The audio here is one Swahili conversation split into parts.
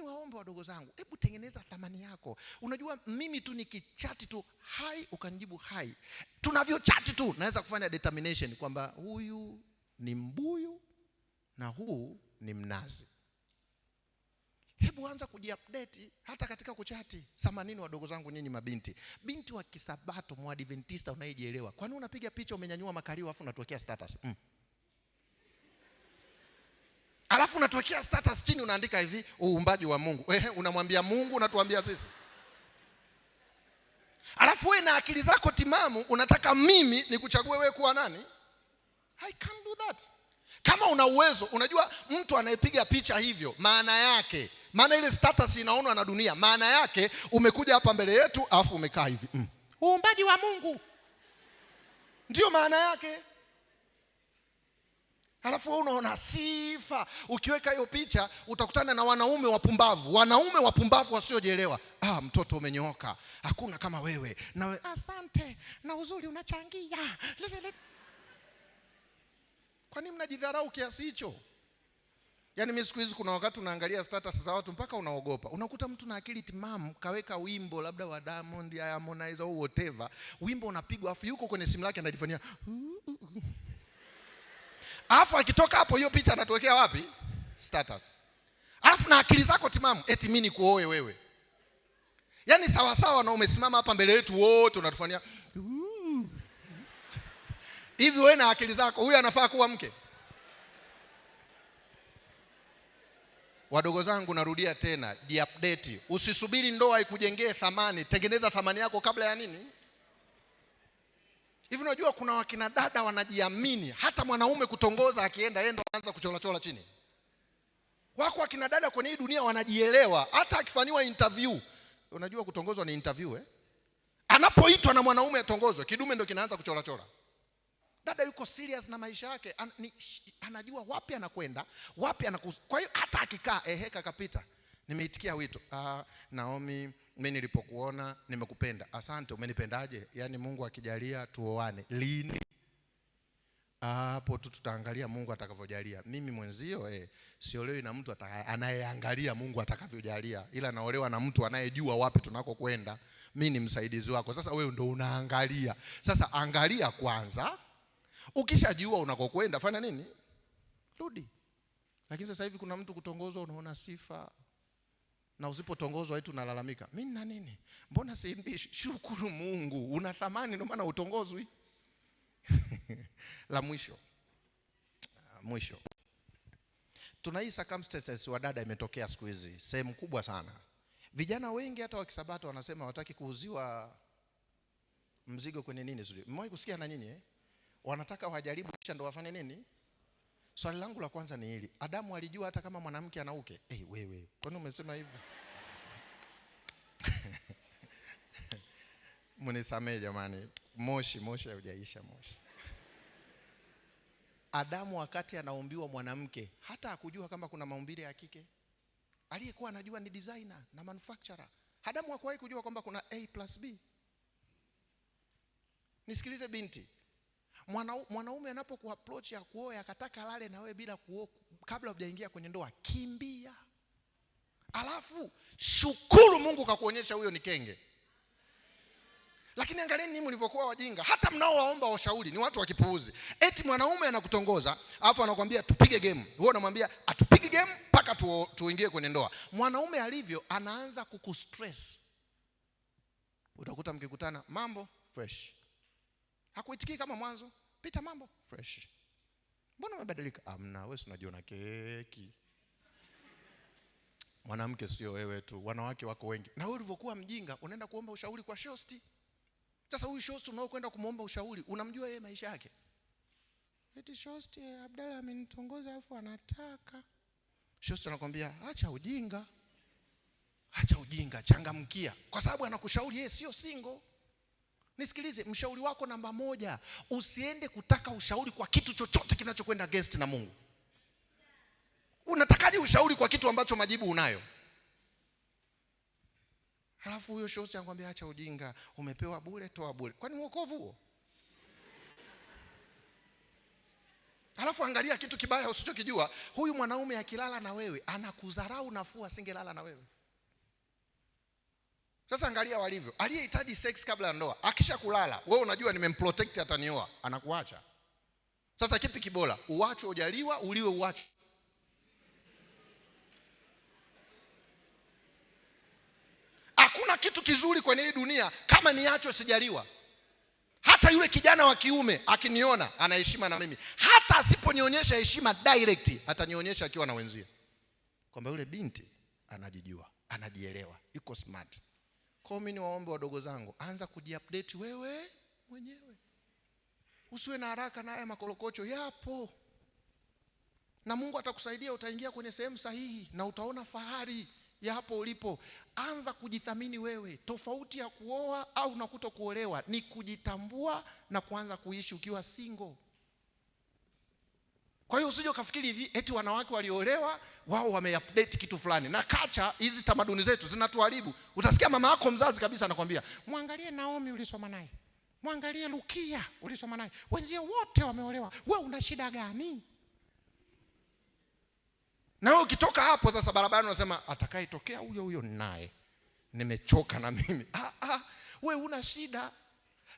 ni waombe wadogo zangu, hebu tengeneza thamani yako. Unajua mimi tu nikichati tu hai ukanijibu hai, tunavyochati tu naweza kufanya determination kwamba huyu ni mbuyu na huu ni mnazi. Hebu anza kujiupdate hata katika kuchati. Samanini wadogo zangu nyinyi mabinti, binti wa Kisabato Adventista unayejielewa, kwani unapiga picha umenyanyua makalio afu unatuwekea status mm alafu unatuwekea status chini unaandika hivi uumbaji wa Mungu. Ehe, unamwambia Mungu, unatuambia sisi. Alafu wewe na akili zako timamu unataka mimi nikuchague wewe kuwa nani? I can't do that. Kama una uwezo, unajua mtu anayepiga picha hivyo, maana yake, maana ile status inaonwa na dunia, maana yake umekuja hapa mbele yetu alafu umekaa hivi mm. Uumbaji wa Mungu ndio maana yake. Halafu wewe unaona sifa. Ukiweka hiyo picha utakutana na wanaume wapumbavu, wanaume wapumbavu wasiojielewa. Ah, mtoto umenyooka, hakuna kama wewe na asante na uzuri unachangia. Kwa nini mnajidharau kiasi hicho? Yaani mimi siku hizi kuna wakati unaangalia status za watu mpaka unaogopa. Unakuta mtu na akili timamu kaweka wimbo labda wa Diamond, Harmonize au whatever, wimbo unapigwa afu yuko kwenye simu yake anajifanyia uh, uh. Alafu akitoka hapo hiyo picha anatuwekea wapi? Status. Alafu na akili zako timamu, eti mimi nikuoe wewe. Yaani sawa sawa na umesimama hapa mbele yetu wote unatufanyia hivi wewe na akili zako, huyu anafaa kuwa mke? Wadogo zangu, narudia tena, update Usisubiri ndoa ikujengee thamani, tengeneza thamani yako kabla ya nini? Hivi unajua kuna wakina dada wanajiamini, hata mwanaume kutongoza akienda yeye ndo anaanza kucholachola chini. Wako wakina dada kwenye hii dunia wanajielewa, hata akifanyiwa interview. Unajua kutongozwa ni interview eh? Anapoitwa na mwanaume atongozwe, kidume ndo kinaanza kucholachola. Dada yuko serious na maisha yake, an, ni, anajua wapi anakwenda, wapi anaku. Kwa hiyo hata akikaa ehe, kakapita, nimeitikia wito. Ah, Naomi mimi nilipokuona nimekupenda. Asante, umenipendaje? Yaani Mungu akijalia tuoane lini? Hapo tu tutaangalia Mungu atakavyojalia. Mimi mwenzio eh, siolewi na mtu anayeangalia Mungu atakavyojalia, ila naolewa na mtu anayejua wapi tunakokwenda. Mimi ni msaidizi wako. Sasa wewe ndo unaangalia. Sasa angalia kwanza, ukishajua unakokwenda fanya nini, rudi. Lakini sasa hivi kuna mtu kutongozwa, unaona sifa na usipotongozwa wetu unalalamika, mimi nina nini? Mbona siimbi? Shukuru Mungu, una thamani, ndio maana utongozwi. La mwisho ah, mwisho, tuna hii circumstances wa dada imetokea siku hizi sehemu kubwa sana. Vijana wengi hata wakisabato wanasema wataki kuuziwa mzigo kwenye nini. Mmewahi kusikia na nyinyi eh? Wanataka wajaribu kisha ndo wafanye nini Swali langu la kwanza ni hili, Adamu alijua hata kama mwanamke ana uke? Eh, hey, wewe kwani umesema hivyo? mnisamee jamani, moshi moshi haujaisha moshi. Adamu wakati anaumbiwa mwanamke, hata hakujua kama kuna maumbile ya kike. Aliyekuwa anajua ni designer na manufacturer. Adamu hakuwahi kujua kwamba kuna A plus B. Nisikilize binti, mwanaume anapokuapproach ya kuoa akataka lale na wewe bila kuoa kabla hujaingia kwenye ndoa, kimbia. Alafu shukuru Mungu kakuonyesha huyo ni kenge. Lakini angalieni ninyi mlivyokuwa wajinga, hata mnaowaomba washauri ni watu wakipuuzi. Eti mwanaume anakutongoza alafu anakwambia tupige game, wewe unamwambia atupige game mpaka tuingie kwenye ndoa. Mwanaume alivyo anaanza kukustress, utakuta mkikutana mambo fresh hakuitikii kama mwanzo. Pita mambo fresh, mbona umebadilika? Amna, wewe unajiona keki. Mwanamke sio wewe tu, wanawake wako wengi. Na wewe ulivyokuwa mjinga, unaenda kuomba ushauri kwa shosti. Sasa huyu shosti unaokwenda kumwomba ushauri, unamjua yeye maisha yake? Eti shosti eh, Abdalla amenitongoza afu anataka shosti. Anakwambia acha ujinga, acha ujinga, changamkia, kwa sababu anakushauri yeye sio single. Nisikilize, mshauri wako namba moja, usiende kutaka ushauri kwa kitu chochote kinachokwenda against na Mungu. Unatakaje ushauri kwa kitu ambacho majibu unayo? Halafu huyo shosi anakuambia acha ujinga, umepewa bure, toa bure. Kwani wokovu huo? Halafu angalia kitu kibaya usichokijua, huyu mwanaume akilala na wewe anakudharau, nafuu asingelala na wewe. Sasa angalia walivyo. Aliyehitaji sex kabla ya ndoa, akisha kulala, wewe unajua nimemprotect atanioa, anakuacha. Sasa kipi kibola? Uachwe ujaliwa, uliwe uachwe. Hakuna kitu kizuri kwenye hii dunia kama niachwe sijaliwa. Hata yule kijana wa kiume akiniona ana heshima na mimi, hata asiponionyesha heshima direct, atanionyesha akiwa na wenzie kwamba yule binti anajijua, anajielewa, yuko smart. Kwa mimi ni waombe wadogo zangu, anza kujiupdate wewe mwenyewe, usiwe na haraka na haya makorokocho, yapo na Mungu atakusaidia. Utaingia kwenye sehemu sahihi na utaona fahari ya hapo ulipo. Anza kujithamini wewe. Tofauti ya kuoa au na kutokuolewa ni kujitambua na kuanza kuishi ukiwa single. Kwa hiyo usije ukafikiri hivi eti wanawake waliolewa wao wameupdate kitu fulani. Na kacha hizi tamaduni zetu zinatuharibu. Utasikia mama yako mzazi kabisa anakuambia, "Mwangalie Naomi ulisoma naye. Mwangalie Lukia ulisoma naye. Wenzio wote wameolewa. Wewe una shida gani?" Na wewe ukitoka hapo sasa barabarani unasema atakayetokea huyo huyo naye. Nimechoka na mimi. Ah ah, wewe una shida.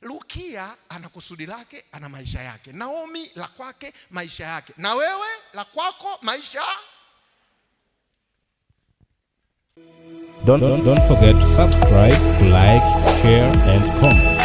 Lukia ana kusudi lake, ana maisha yake. Naomi la kwake, maisha yake, na wewe la kwako, maisha. Don't, don't, don't forget to subscribe, like, share and comment.